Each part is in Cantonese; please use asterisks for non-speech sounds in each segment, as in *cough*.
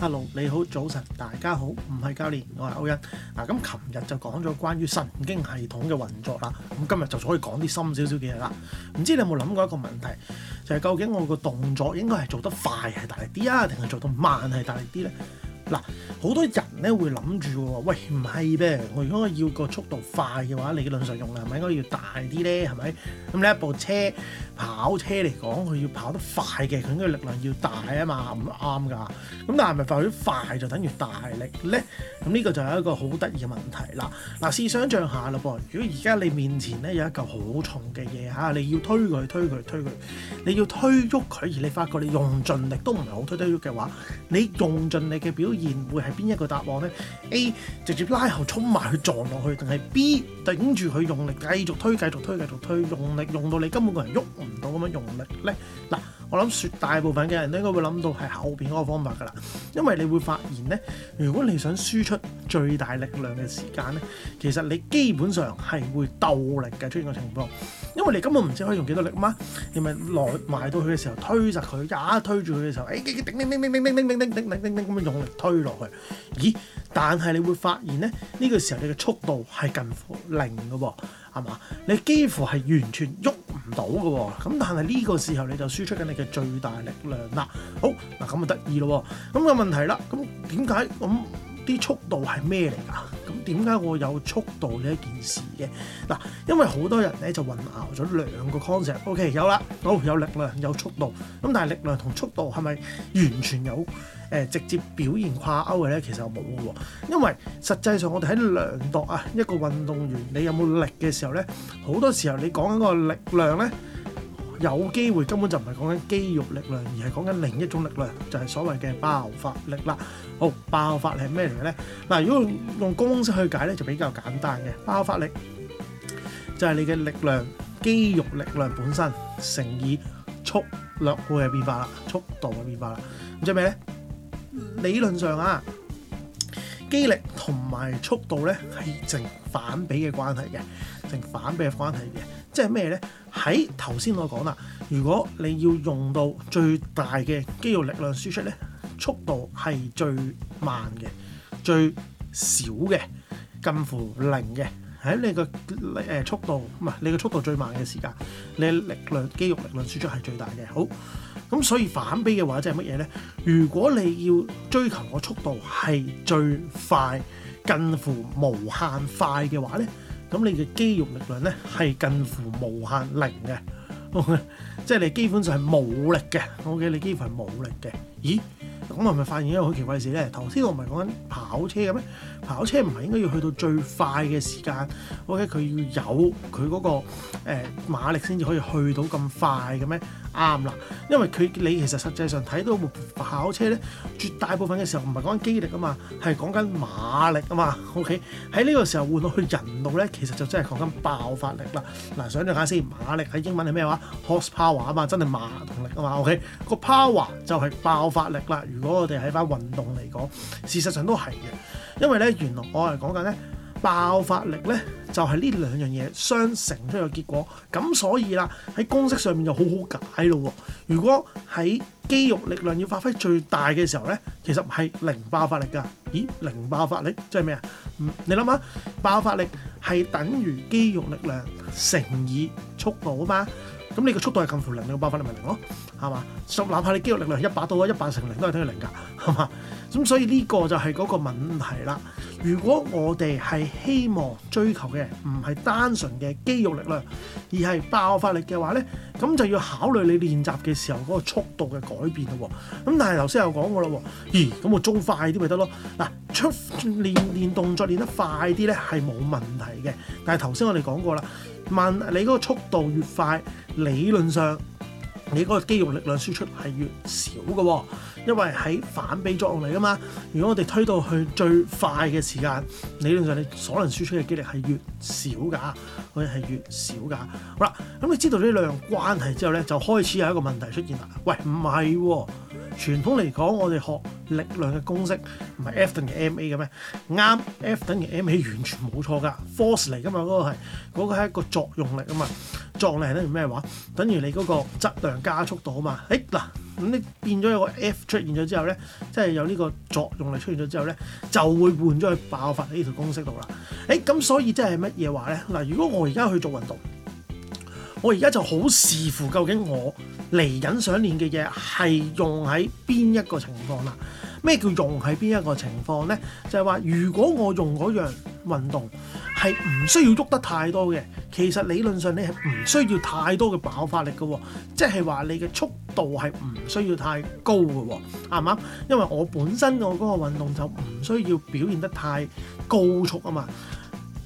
Hello，你好，早晨，大家好，唔係教練，我係歐欣嗱。咁琴日就講咗關於神經系統嘅運作啦，咁、嗯、今日就可以講啲深少少嘅嘢啦。唔知你有冇諗過一個問題，就係、是、究竟我個動作應該係做得快係大力啲啊，定係做得慢係大力啲咧？嗱，好多人咧，會諗住喎，喂唔係咩？我如果要個速度快嘅話，理論上用量係咪應該要大啲咧？係咪？咁你一部車跑車嚟講，佢要跑得快嘅，佢應該力量要大啊嘛，唔啱㗎。咁但係咪代表快就等於大力咧？咁呢個就係一個好得意嘅問題啦。嗱，試想像下啦噃，如果而家你面前咧有一嚿好重嘅嘢吓，你要推佢推佢推佢，你要推喐佢，而你發覺你用盡力都唔係好推得喐嘅話，你用盡力嘅表現會係邊一個答案呢？A 直接拉後衝埋去撞落去，定係 B 頂住佢用力繼續推、繼續推、繼續推，用力用到你根本個人喐唔到咁樣用力呢？嗱、呃，我諗絕大部分嘅人都應該會諗到係後邊嗰個方法噶啦，因為你會發現呢，如果你想輸出最大力量嘅時間咧，其實你基本上係會鬥力嘅出現個情況，因為你根本唔知可以用幾多力啊嘛，你咪攞埋到佢嘅時候推實佢，一推住佢嘅時候，哎叮叮叮叮叮叮叮叮叮叮叮咁樣用力推落去，咦？但係你會發現咧，呢個時候你嘅速度係近乎零嘅喎，係嘛？你幾乎係完全喐唔到嘅喎，咁但係呢個時候你就輸出緊你嘅最大力量啦。好嗱，咁就得意咯喎，咁嘅問題啦，咁點解咁？啲速度係咩嚟㗎？咁點解我有速度呢一件事嘅？嗱，因為好多人咧就混淆咗兩個 concept。OK，有啦，我有力量有速度，咁但係力量同速度係咪完全有誒直接表現掛鈎嘅咧？其實冇嘅喎，因為實際上我哋喺量度啊一個運動員你有冇力嘅時候咧，好多時候你講緊個力量咧。有機會根本就唔係講緊肌肉力量，而係講緊另一種力量，就係所謂嘅爆發力啦。好，爆發力係咩嚟嘅咧？嗱，如果用公式去解咧，就比較簡單嘅。爆發力就係你嘅力量、肌肉力量本身乘以速度嘅變化啦，速度嘅變化啦。咁即係咩咧？理論上啊，肌力同埋速度咧係成反比嘅關係嘅，成反比嘅關係嘅。即係咩咧？喺頭先我講啦，如果你要用到最大嘅肌肉力量輸出咧，速度係最慢嘅、最少嘅、近乎零嘅。喺你個誒速度唔係你個速度最慢嘅時間，你嘅力量肌肉力量輸出係最大嘅。好，咁所以反比嘅話即係乜嘢咧？如果你要追求個速度係最快、近乎無限快嘅話咧？咁你嘅肌肉力量咧係近乎無限零嘅， *laughs* 即係你基本上係冇力嘅。O、okay? K，你幾乎係冇力嘅。咦？咁係咪發現一個好奇怪嘅事咧？頭先我唔係講緊跑車嘅咩？跑車唔係應該要去到最快嘅時間？O K，佢要有佢嗰個誒馬力先至可以去到咁快嘅咩？啱啦，因為佢你其實實際上睇到部跑車咧，絕大部分嘅時候唔係講緊肌力啊嘛，係講緊馬力啊嘛。OK，喺呢個時候換到去人道咧，其實就真係講緊爆發力啦。嗱，想像下先，馬力喺英文係咩話？horsepower 啊嘛，真係馬動力啊嘛。OK，個 power 就係爆發力啦。如果我哋喺翻運動嚟講，事實上都係嘅，因為咧原來我係講緊咧爆發力咧。就係呢兩樣嘢相乘都有結果，咁所以啦喺公式上面就好好解咯喎。如果喺肌肉力量要發揮最大嘅時候咧，其實係零爆發力噶。咦，零爆發力即係咩啊？你諗下，爆發力係等於肌肉力量乘以速度啊嘛。咁你個速度係近乎零，你個爆發力咪零咯，係嘛？就哪怕你肌肉力量係一百到啊，一百乘零都係等於零噶，係嘛？咁所以呢個就係嗰個問題啦。如果我哋係希望追求嘅唔係單純嘅肌肉力量，而係爆發力嘅話咧，咁就要考慮你練習嘅時候嗰個速度嘅改變咯。咁但係頭先有講過啦，咦？咁我鍾快啲咪得咯？嗱，出練練動作練得快啲咧係冇問題嘅，但係頭先我哋講過啦，問你嗰個速度越快，理論上。你嗰個肌肉力量輸出係越少嘅，因為喺反比作用嚟噶嘛。如果我哋推到去最快嘅時間，理論上你所能輸出嘅肌力係越少㗎，佢係越少㗎。好啦，咁你知道呢兩樣關係之後咧，就開始有一個問題出現啦。喂，唔係喎，傳統嚟講，我哋學力量嘅公式唔係 F 等於 ma 嘅咩？啱，F 等於 ma 完全冇錯㗎，force 嚟㗎嘛，嗰、嗰個係嗰、嗰個係、嗰個、一個作用力啊嘛。力量係等於咩話？等於你嗰個質量加速度啊嘛。嗱、哎，咁你變咗有個 F 出現咗之後咧，即、就、係、是、有呢個作用力出現咗之後咧，就會換咗去爆發喺呢條公式度啦。咁、哎、所以即係乜嘢話咧？嗱，如果我而家去做運動，我而家就好視乎究竟我嚟緊想練嘅嘢係用喺邊一個情況啦、啊。咩叫用喺邊一個情況咧？就係、是、話如果我用嗰樣運動。係唔需要喐得太多嘅，其實理論上你係唔需要太多嘅爆發力嘅，即係話你嘅速度係唔需要太高嘅，啱唔啱？因為我本身我嗰個運動就唔需要表現得太高速啊嘛。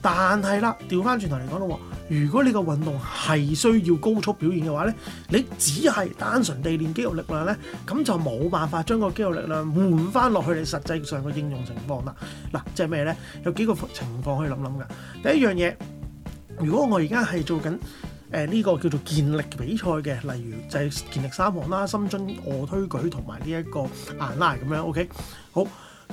但係啦，調翻轉頭嚟講囉喎。如果你個運動係需要高速表現嘅話咧，你只係單純地練肌肉力量咧，咁就冇辦法將個肌肉力量換翻落去你實際上嘅應用情況啦。嗱、啊，即係咩咧？有幾個情況可以諗諗㗎。第一樣嘢，如果我而家係做緊誒呢個叫做健力比賽嘅，例如就係健力三項啦，深蹲、卧推舉同埋呢一個硬拉咁樣。OK，好。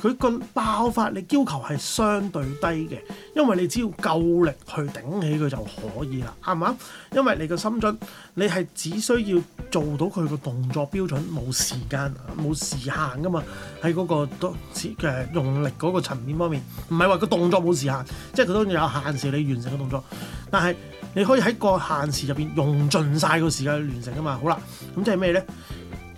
佢個爆發力要求係相對低嘅，因為你只要夠力去頂起佢就可以啦，啱唔啱？因為你個心臟，你係只需要做到佢個動作標準，冇時間冇時限噶嘛。喺嗰、嗰個都誒用力嗰個層面方面，唔係話個動作冇時限，即係佢都有限時你完成個動作，但係你可以喺個限時入邊用盡晒個時間去完成噶嘛。好啦，咁即係咩咧？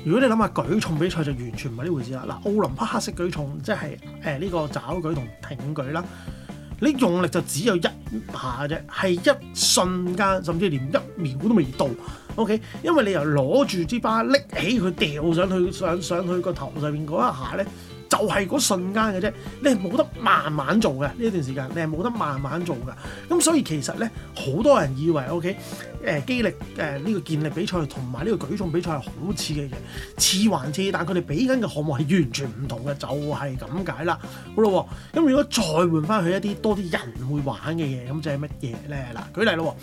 如果你諗下舉重比賽就完全唔係呢回事啦！嗱，奧林匹克式舉重即係誒呢個抓舉同挺舉啦，你用力就只有一下啫，係一瞬間，甚至連一秒都未到。OK，因為你由攞住支巴拎起佢掉上去上上去個頭上面嗰一下咧，就係嗰瞬間嘅啫，你係冇得慢慢做嘅呢段時間，你係冇得慢慢做嘅。咁所以其實咧，好多人以為 OK。誒肌力誒呢、呃這個健力比賽同埋呢個舉重比賽係好似嘅嘢，似還似，但佢哋比緊嘅項目係完全唔同嘅，就係咁解啦。好喎，咁如果再換翻去一啲多啲人會玩嘅嘢，咁就係乜嘢咧？嗱，舉例喎，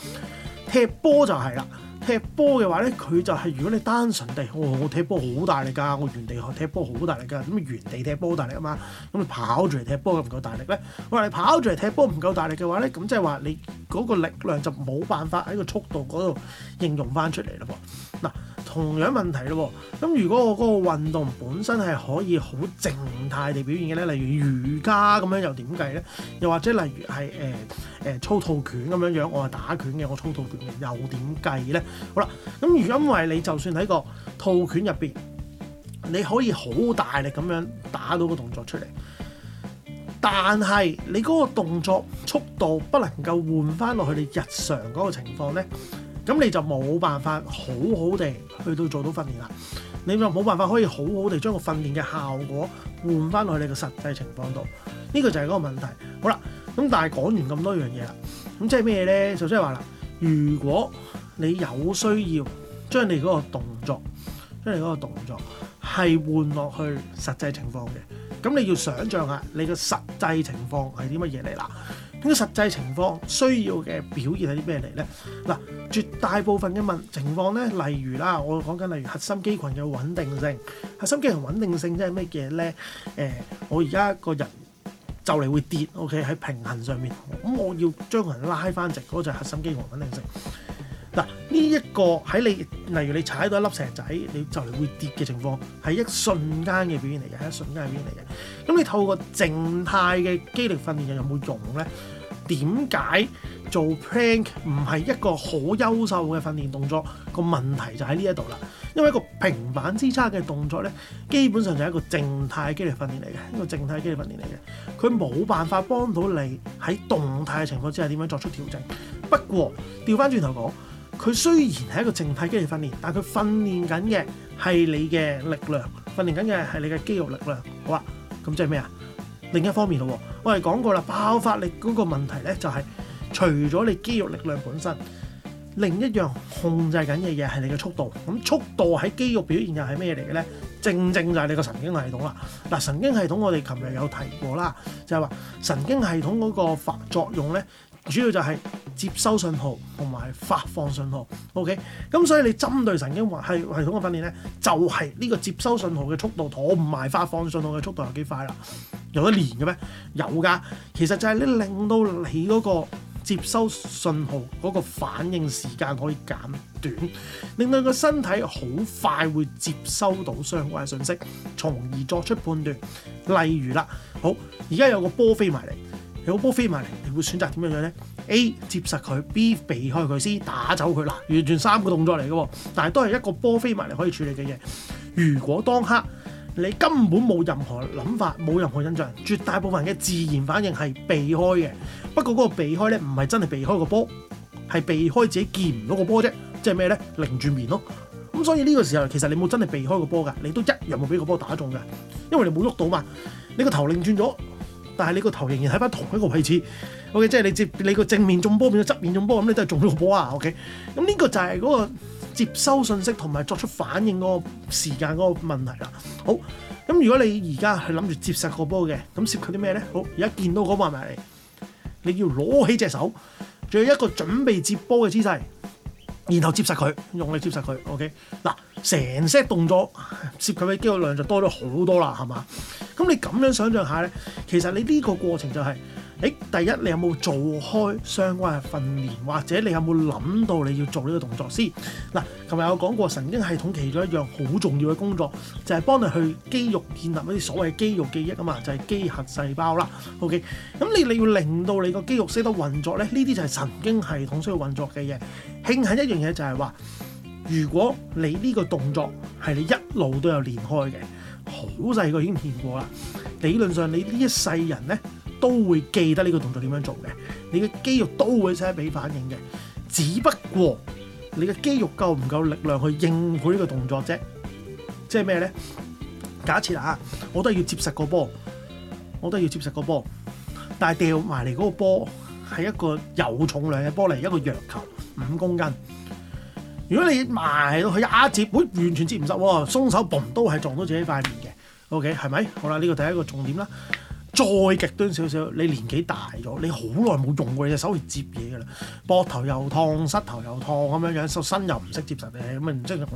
踢波就係啦。踢波嘅話咧，佢就係如果你單純地，我、哦、我踢波好大力㗎，我原地踢波好大力㗎，咁原地踢波大力啊嘛，咁你跑住嚟踢波夠唔夠大力咧？我話你跑住嚟踢波唔夠大力嘅話咧，咁即係話你嗰個力量就冇辦法喺個速度嗰度應用翻出嚟咯喎。嗱，同樣問題咯喎。咁如果我嗰個運動本身係可以好靜態地表現嘅咧，例如瑜伽咁樣又點計咧？又或者例如係誒誒操套拳咁樣樣，我係打拳嘅，我操套拳嘅又點計咧？好啦，咁因為你就算喺個套拳入面，你可以好大力咁樣打到個動作出嚟，但係你嗰個動作速度不能夠換翻落去你日常嗰個情況咧，咁你就冇辦法好好地去到做到訓練啦。你就冇辦法可以好好地將個訓練嘅效果換翻落去你個實際情況度。呢個就係嗰個問題。好啦，咁但係講完咁多樣嘢啦，咁即係咩咧？首先係話啦，如果你有需要將你嗰個動作，將你嗰個動作係換落去實際情況嘅，咁你要想像下你個實際情況係啲乜嘢嚟啦？咁實際情況需要嘅表現係啲咩嚟咧？嗱，絕大部分嘅問情況咧，例如啦，我講緊例如核心肌群嘅穩定性。核心肌群穩定性即係乜嘢咧？誒、呃，我而家個人就嚟會跌。OK 喺平衡上面，咁我要將人拉翻直嗰、那個、就係核心肌群嘅穩定性。嗱、這個，呢一個喺你例如你踩到一粒石仔，你就嚟會跌嘅情況，係一瞬間嘅表現嚟嘅，一瞬間嘅表現嚟嘅。咁你透過靜態嘅肌力訓練又有冇用咧？點解做 plank 唔係一個好優秀嘅訓練動作？個問題就喺呢一度啦，因為一個平板支撐嘅動作咧，基本上就係一個靜態肌力訓練嚟嘅，一個靜態肌力訓練嚟嘅，佢冇辦法幫到你喺動態嘅情況之下點樣作出調整。不過調返轉頭講。佢雖然係一個靜態肌肉訓練，但係佢訓練緊嘅係你嘅力量，訓練緊嘅係你嘅肌肉力量。好啦、啊，咁即係咩啊？另一方面咯，我哋講過啦，爆發力嗰個問題咧、就係，就係除咗你肌肉力量本身，另一樣控制緊嘅嘢係你嘅速度。咁速度喺肌肉表現又係咩嚟嘅咧？正正就係你個神經系統啦。嗱，神經系統我哋琴日有提過啦，就係、係、話神經系統嗰個發作用咧。主要就係接收信號同埋發放信號，OK，咁所以你針對神經系系統嘅訓練呢，就係、是、呢個接收信號嘅速度同埋發放信號嘅速度有幾快啦、啊？有得練嘅咩？有㗎，其實就係你令到你嗰個接收信號嗰個反應時間可以減短，令到個身體好快會接收到相關嘅信息，從而作出判斷。例如啦，好，而家有個波飛埋嚟。有波飛埋嚟，你會選擇點樣樣咧？A 接實佢，B 避開佢，C 打走佢啦，完全三個動作嚟嘅。但係都係一個波飛埋嚟可以處理嘅嘢。如果當刻你根本冇任何諗法，冇任何印象，絕大部分嘅自然反應係避開嘅。不過嗰個避開咧，唔係真係避開個波，係避開自己見唔到個波啫。即係咩咧？擰住面咯。咁所以呢個時候其實你冇真係避開個波㗎，你都一樣會俾個波打中㗎，因為你冇喐到嘛。你個頭擰轉咗。但係呢個頭仍然喺翻同一個位置，OK，即係你接你個正面中波變咗側面中波，咁你都係中咗個波啊，OK。咁呢個就係嗰個接收信息同埋作出反應嗰個時間嗰個問題啦。好，咁如果你而家係諗住接實個波嘅，咁涉及啲咩咧？好，而家見到嗰個係咪？你要攞起隻手，仲有一個準備接波嘅姿勢，然後接實佢，用力接實佢，OK 嗱。成 set 動作涉及嘅肌肉量就多咗好多啦，係嘛？咁你咁樣想象一下呢？其實你呢個過程就係、誒，第一你有冇做開相關嘅訓練，或者你有冇諗到你要做呢個動作先？嗱，琴日我講過神經系統其中一樣好重要嘅工作，就係、是、幫你去肌肉建立一啲所謂肌肉記憶啊嘛，就係、是、肌核細胞啦。OK，咁你你要令到你個肌肉識得運作呢？呢啲就係神經系統需要運作嘅嘢。慶幸一樣嘢就係、是、話。如果你呢個動作係你一路都有練開嘅，好細個已經練過啦。理論上你呢一世人咧都會記得呢個動作點樣做嘅，你嘅肌肉都會識俾反應嘅。只不過你嘅肌肉夠唔夠力量去應付呢個動作啫？即係咩咧？假設啊，我都係要接實個波，我都係要接實個波，但係掉埋嚟嗰個波係一個有重量嘅波嚟，一個藥球五公斤。如果你埋到佢一接，會完全接唔實喎，鬆手嘣都係撞到自己塊面嘅。O.K. 係咪？好啦，呢個第一個重點啦。再極端少少，你年紀大咗，你好耐冇用過，隻手去接嘢㗎啦，膊頭又痛，膝頭又痛咁樣樣，身又唔識接實你咁啊，唔識用嘅。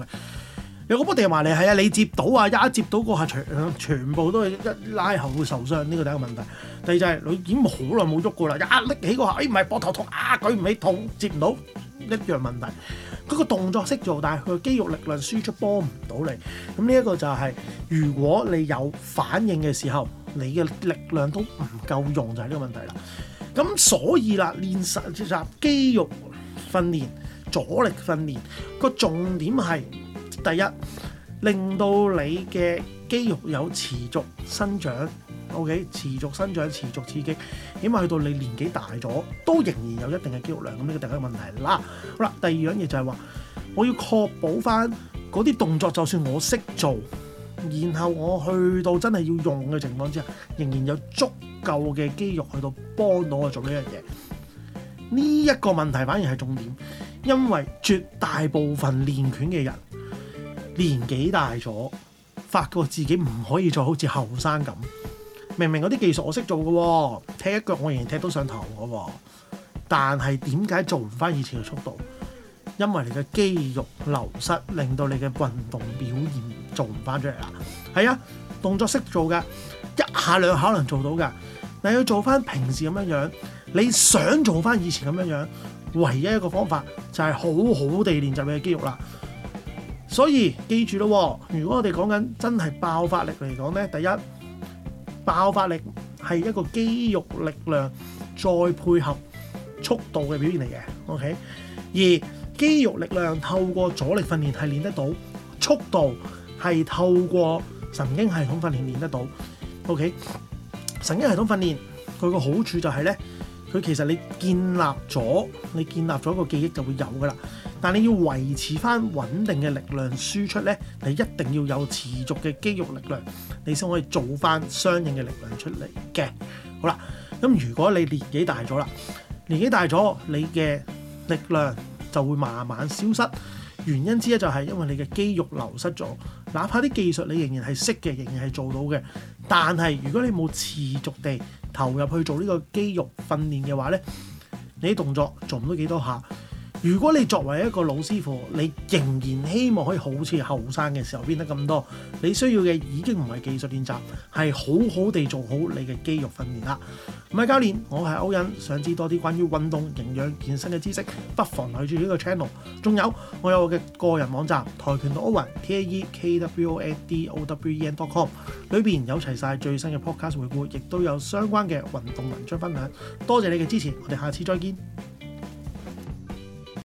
有個波掟埋你係啊，你接到啊，一接到嗰下全全部都一拉後會受傷，呢個第一個問題。第二就係你已經好耐冇喐過啦，一拎起嗰下，哎唔係，膊頭痛啊，舉唔起痛，接唔到一樣問題。佢個動作識做，但係佢肌肉力量輸出幫唔到你。咁呢一個就係，如果你有反應嘅時候，你嘅力量都唔夠用，就係呢個問題啦。咁所以啦，練實習肌肉訓練、阻力訓練個重點係第一，令到你嘅肌肉有持續生長。O.K. 持續生長，持續刺激。起碼去到你年紀大咗，都仍然有一定嘅肌肉量，咁呢個第一個問題啦。好啦，第二樣嘢就係話，我要確保翻嗰啲動作，就算我識做，然後我去到真係要用嘅情況之下，仍然有足夠嘅肌肉去到幫到我做呢樣嘢。呢一個問題反而係重點，因為絕大部分練拳嘅人年紀大咗，發覺自己唔可以再好似後生咁。明明嗰啲技術我識做㗎喎，踢一腳我仍然踢到上頭㗎喎，但係點解做唔翻以前嘅速度？因為你嘅肌肉流失，令到你嘅運動表現做唔翻出嚟啦。係啊，動作識做嘅，一下兩下可能做到嘅，但係要做翻平時咁樣樣，你想做翻以前咁樣樣，唯一一個方法就係好好地練習你嘅肌肉啦。所以記住咯、哦，如果我哋講緊真係爆發力嚟講呢，第一。爆發力係一個肌肉力量再配合速度嘅表現嚟嘅，OK。而肌肉力量透過阻力訓練係練得到，速度係透過神經系統訓練練得到，OK。神經系統訓練佢個好處就係呢：佢其實你建立咗，你建立咗個記憶就會有㗎啦。但你要維持翻穩定嘅力量輸出咧，你一定要有持續嘅肌肉力量，你先可以做翻相應嘅力量出嚟嘅。好啦，咁如果你年紀大咗啦，年紀大咗，你嘅力量就會慢慢消失。原因之一就係因為你嘅肌肉流失咗，哪怕啲技術你仍然係識嘅，仍然係做到嘅，但係如果你冇持續地投入去做呢個肌肉訓練嘅話咧，你啲動作做唔到幾多下。如果你作為一個老師傅，你仍然希望可以好似後生嘅時候變得咁多，你需要嘅已經唔係技術練習，係好好地做好你嘅肌肉訓練啦。唔係教練，我係歐恩，想知多啲關於運動、營養、健身嘅知識，不妨留住呢個 channel。仲有我有我嘅個人網站跆拳道歐恩，T A E K W O N D O W E N dot com，裏面有齊晒最新嘅 podcast 回顧，亦都有相關嘅運動文章分享。多謝你嘅支持，我哋下次再見。